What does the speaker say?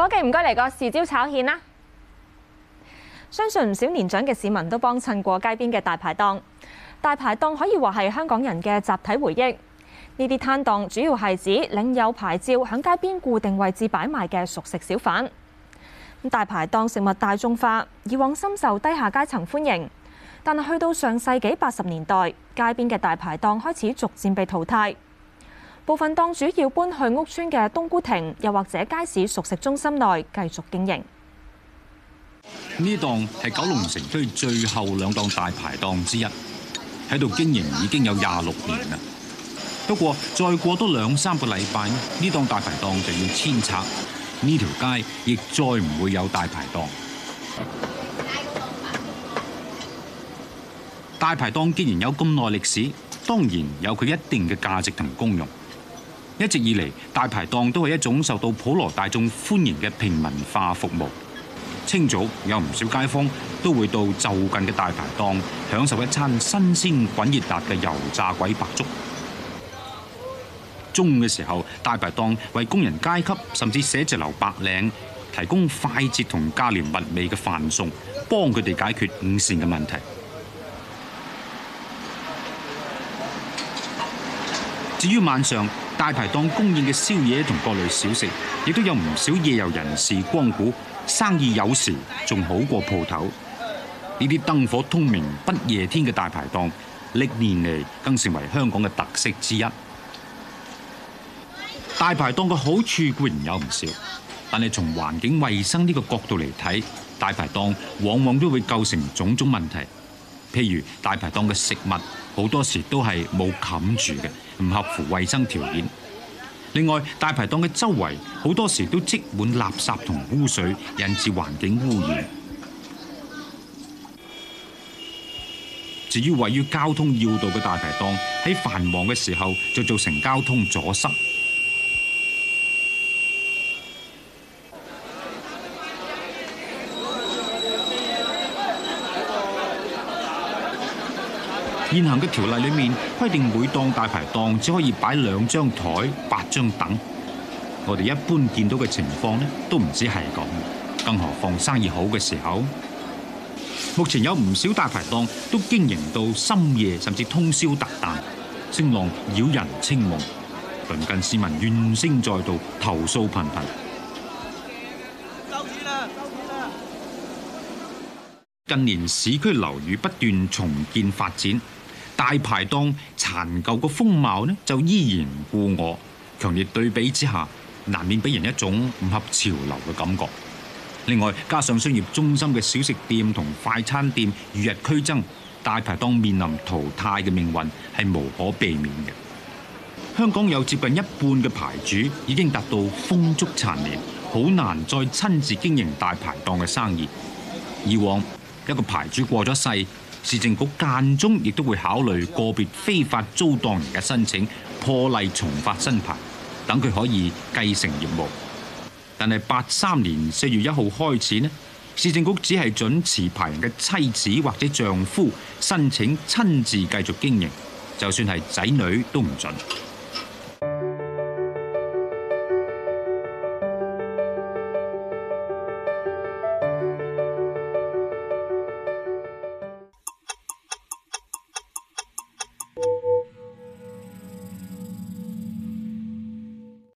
伙記唔該嚟個豉椒炒蜆啦！相信唔少年長嘅市民都幫襯過街邊嘅大牌檔。大牌檔可以話係香港人嘅集體回憶。呢啲攤檔主要係指領有牌照響街邊固定位置擺賣嘅熟食小販。大牌檔食物大眾化，以往深受低下階層歡迎，但去到上世紀八十年代，街邊嘅大牌檔開始逐漸被淘汰。部分檔主要搬去屋村嘅冬菇亭，又或者街市熟食中心內繼續經營。呢檔係九龍城區最後兩檔大排檔之一，喺度經營已經有廿六年啦。不過，再過多兩三個禮拜，呢檔大排檔就要遷拆，呢條街亦再唔會有大排檔。大排檔既然有咁耐歷史，當然有佢一定嘅價值同功用。一直以嚟，大排檔都係一種受到普羅大眾歡迎嘅平民化服務。清早有唔少街坊都會到就近嘅大排檔，享受一餐新鮮滾熱辣嘅油炸鬼白粥。中午嘅時候，大排檔為工人階級甚至寫字樓白領提供快捷同價廉物美嘅飯餸，幫佢哋解決午膳嘅問題。至於晚上，大排檔供應嘅宵夜同各類小食，亦都有唔少夜遊人士光顧，生意有時仲好過鋪頭。呢啲燈火通明不夜天嘅大排檔，歷年嚟更成為香港嘅特色之一。大排檔嘅好處固然有唔少，但係從環境衛生呢個角度嚟睇，大排檔往往都會構成種種問題，譬如大排檔嘅食物。好多時都係冇冚住嘅，唔合乎衛生條件。另外，大牌檔嘅周圍好多時都積滿垃圾同污水，引致環境污染。至於位於交通要道嘅大牌檔，喺繁忙嘅時候就造成交通阻塞。現行嘅條例裏面規定，每檔大牌檔只可以擺兩張枱、八張凳。我哋一般見到嘅情況呢，都唔止係咁。更何況生意好嘅時候，目前有唔少大牌檔都經營到深夜，甚至通宵達旦，聲浪擾人清夢，鄰近市民怨聲載道，投訴頻頻。收錢啦！收錢啦！近年市區樓宇不斷重建發展。大排檔殘舊嘅風貌呢，就依然故我。強烈對比之下，難免俾人一種唔合潮流嘅感覺。另外，加上商業中心嘅小食店同快餐店與日俱增，大排檔面臨淘汰嘅命運係無可避免嘅。香港有接近一半嘅牌主已經達到風燭殘年，好難再親自經營大排檔嘅生意。以往一個牌主過咗世。市政局間中亦都會考慮個別非法租檔人嘅申請，破例重發新牌，等佢可以繼承業務。但係八三年四月一號開始呢，市政局只係準持牌人嘅妻子或者丈夫申請親自繼續經營，就算係仔女都唔準。